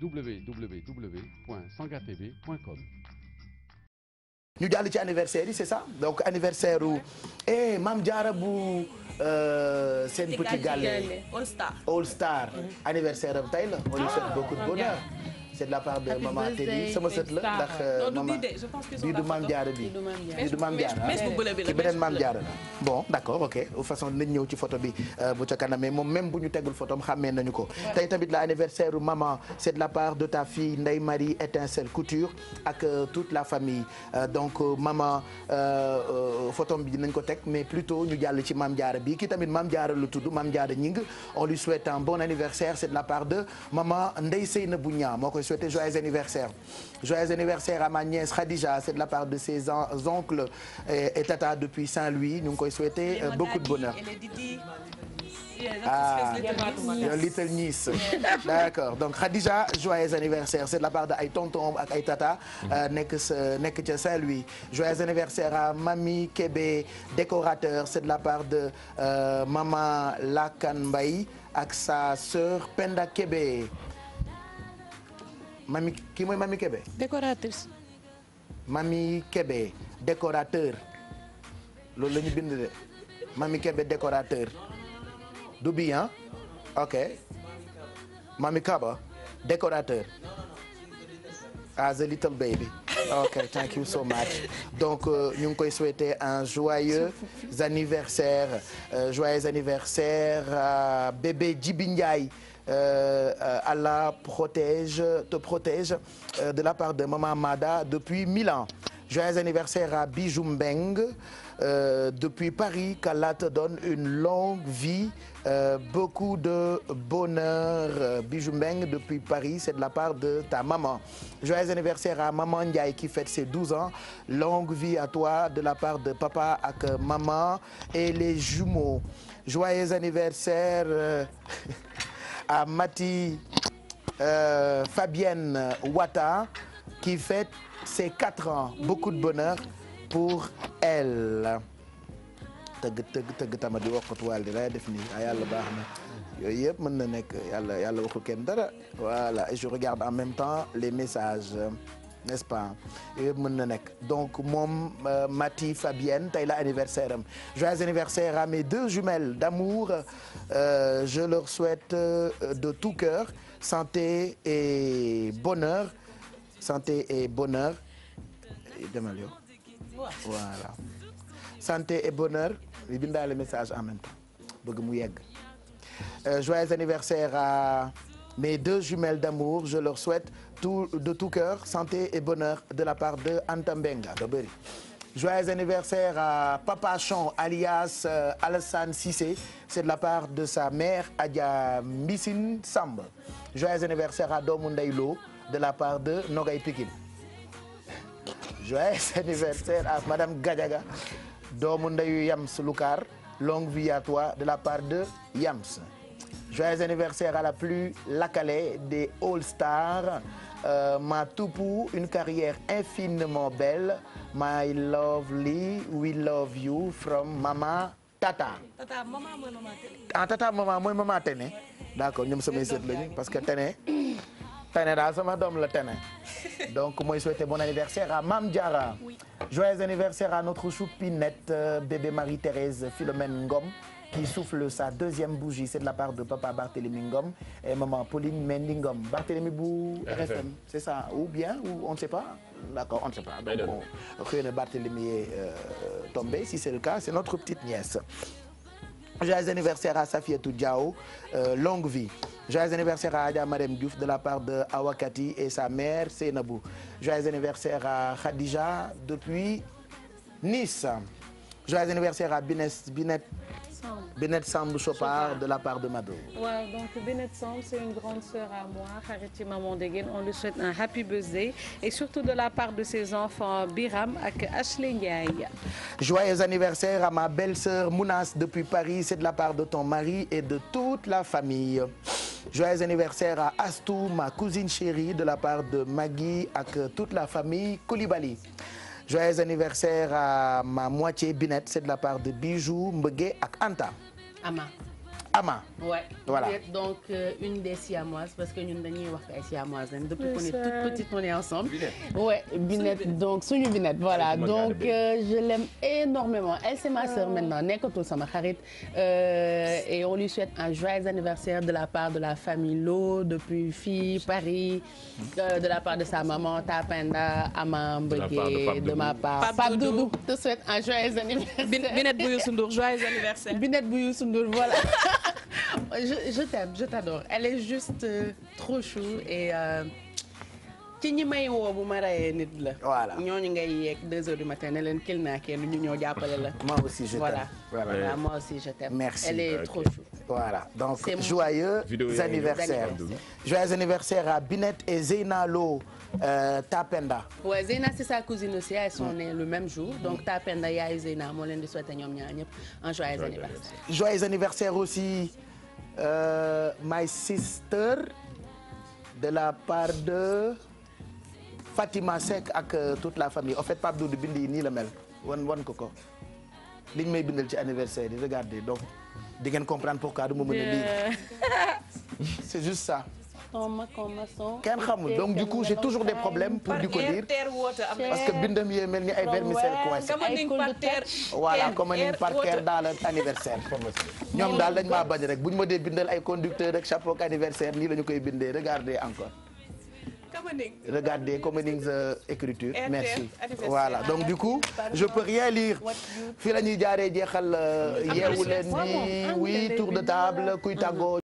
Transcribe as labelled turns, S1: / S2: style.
S1: www.sangatv.com ñu jàll ci anniversaire yi c'est ça donc anniversaire u eh Mame Diarra bu euh, seen petit galle All Star All Star mm-hmm. anniversaire am tey la on lui souhaite ah, beaucoup de bonheur c'est de la part de maman Teddy sama sët la ndax euh, maman bii
S2: du maam jaara bi bii du maam jaara ki beneen maam jaara
S1: la bon d'accord ok de façon nañ ñëw ci photo bi euh, bu ca kanam mais moom même bu ñu tegul photo am xàmmee nañu ko tey tamit la anniversaire u maman c'est de la part de ta fille Ndeye Marie Étincelle Couture ak euh, toute la famille donc maman photo bi dinañ ko teg mais plutôt ñu jàll ci maam jaara bi ki tamit maam jaara lu tudd maam jaara ñing on lui souhaite un bon anniversaire c'est de souhaiter joyeux anniversaire. Joyeux anniversaire à ma nièce Khadija, c'est de la part de ses oncles et, tata depuis Saint-Louis. Ñu ngi koy souhaiter euh, beaucoup de bonheur. ah donc Khadija joyeux anniversaire c'est de la part de ay tonton ak tata euh, nekk sa nekk Saint-Louis joyeux anniversaire Mami Kébé décorateur c'est de la part de euh, Maman Lakan Mbaye ak Penda Kébé mami kii mooy mami Kébé. décoratrice. mami Kébé décorateur loolu la ñu bind de mami Kébé décorateur du bi ok mami Kaba décorateur as a little baby. ok thank you so much donc euh, ñu ngi koy souhaiter un joyeux anniversaire euh, joyeux anniversaire euh, bébé Djibi Ndiaye. Euh, euh, Allah protège, te protège euh, de la part de Maman Mada depuis mille ans. Joyeux anniversaire à depuis Paris, qu'Allah te donne une longue vie, beaucoup de bonheur. Euh, depuis Paris, c'est de la part de ta maman. Joyeux anniversaire à Maman Ndiaye qui fête ses 12 ans. Longue vie à toi de la part de papa ak maman et les jumeaux. Joyeux anniversaire à Mati euh, Fabienne Ouattara qui fête ses quatre ans beaucoup de bonheur pour elle tëgg tëgg tëgg tama di waxut waal di lay def nii a ah, yàlla baax na yooyu yëpp mën na nekk yàlla yàlla waxu kenn dara voilà et je regarde en même temps les messages n'est-ce pas yooyu na nekk donc moom euh, Mati Fabienne tey la anniversaire am joyeux anniversaire à mes deux jumelles d'amour euh, je leur souhaite euh, de tout cœur santé et bonheur santé et bonheur demal yow voilà santé et bonheur li yegg joyeux anniversaire à mes deux jumelles d'amour je leur souhaite tout de tout cœur santé et bonheur de la part de Anta Mbenga do bëri joyeux anniversaire à Papa Chon alias euh, Alassane Cissé c'est de la part de sa mère Adja Mbissine Samb joyeux anniversaire à Doomu Ndeylo de la part de Nogay Pikine joyeux anniversaire à Madame Gadiaga doomu ndeyu Yams Lukaar longue vie à toi de la part de Yams joyeux anniversaire à la plus lacalée des All Stars Euh, ma tupu une carrière infiniment belle mama tata.
S2: tata maman mooy maman
S1: Tene. Ah, tata maman Tene d'accord ñoom samay sët parce que Tene Tene daal sama la Tene donc mooy souhaiter bon anniversaire à Mam Diara. joyeux anniversaire à notre choupinette euh, bébé Marie-Thérèse Philomène Ngom. qui souffle sa deuxième bougie c'est de la part de papa Barthélémy Ngom et maman Pauline Mendy Ngom Barthélémy bu RFM c'est ça ou bien ou on ne sait pas d'accord on ne sait pas donc xëy na Barthélémy est euh, tombé si c'est le cas c'est notre petite nièce joyeux anniversaire à Safiatou Diao euh, longue vie joyeux anniversaire à Adja Marème Diouf de la part de Awakati et sa mère Seynabou joyeux anniversaire à Khadija depuis Nice joyeux anniversaire à Binès Binet Bennett Samb Chopard de la part de Mado.
S2: waaw donc Bennett Samb c'est une grande sœur à maman Degen on lui souhaite un happy birthday et surtout de la part de ses enfants Biram ak Ashley Ndiaye.
S1: anniversaire à ma belle-sœur Mounas depuis Paris c'est de la part de ton mari et de toute la famille. joyeux anniversaire à Astou ma cousine chérie de la part de Maggie ak toute la famille Koulibaly. joyeux anniversaire à ma moitié Binette c'est de la part de Bijou Mbëgge ak Anta.
S2: Ama. Ama. Ouais. voilà vous êtes donc euh, une des siamoises parce que ñun dañuy wax ay siamoises même depuis qu'on est toute petite on est ensemble. Binette ouais Binette donc suñu Binette voilà donc euh, je l'aime énormément elle c'est ma sœur ah. maintenant nekkatul sama xarit euh, et on lui souhaite un joyeux anniversaire de la part de la famille Lo depuis fii Paris euh, de la part de sa maman Tapenda Ama Mbege de ma part Pape Doudou te souhaite un joyeux anniversaire Binette bu Youssou Ndour joyeux anniversaire Binette bu Youssou Ndour voilà je je t'aime je t'adore elle est juste euh, euh, ci ñi may woo bu ma nit la. voilà ñooñu ngay yeeg 2 heures du matin ne leen kil naa kenn ñu ñoo jàppale la. moi aussi je t'aime voilà moi aussi je t'aime. merci elle est trop chou.
S1: voilà donc joyeux anniversaire joyeux anniversaire e Binette et Lo euh, Tapenda.
S2: waaw Zeyna c'est sa cousine aussi elles sont nées le même jour donc Tapenda yaayu Zeyna moo leen di souhaiter ñoom ñaar ñëpp un joyeux
S1: anniversaire. aussi. Uh, my sister de la part de Fatima Seck ak uh, toute la famille en fait Pape Doudou bind yi nii la mel wan wan ko ko liñ may bindal ci anniversaire yi regardez donc di ngeen comprendre pourquoi du ma mën a lire c'est juste ça
S2: kenn
S1: xamul donc du coup j'ai toujours des problèmes pour di ko lire
S2: parce que bindam yee
S1: mel ni ay vermicelle coincé voilà comme ni par terre dans l'anniversaire ñoom daal dañ maa bañ rek bu ñu ma anniversaire nii la koy bindee regardez encore regardez comme ni euh, écriture merci donc du coup je peux rien lire fii la ñuy jaaree jeexal euh, yeewu leen ni oui tour de table kuy tàggoo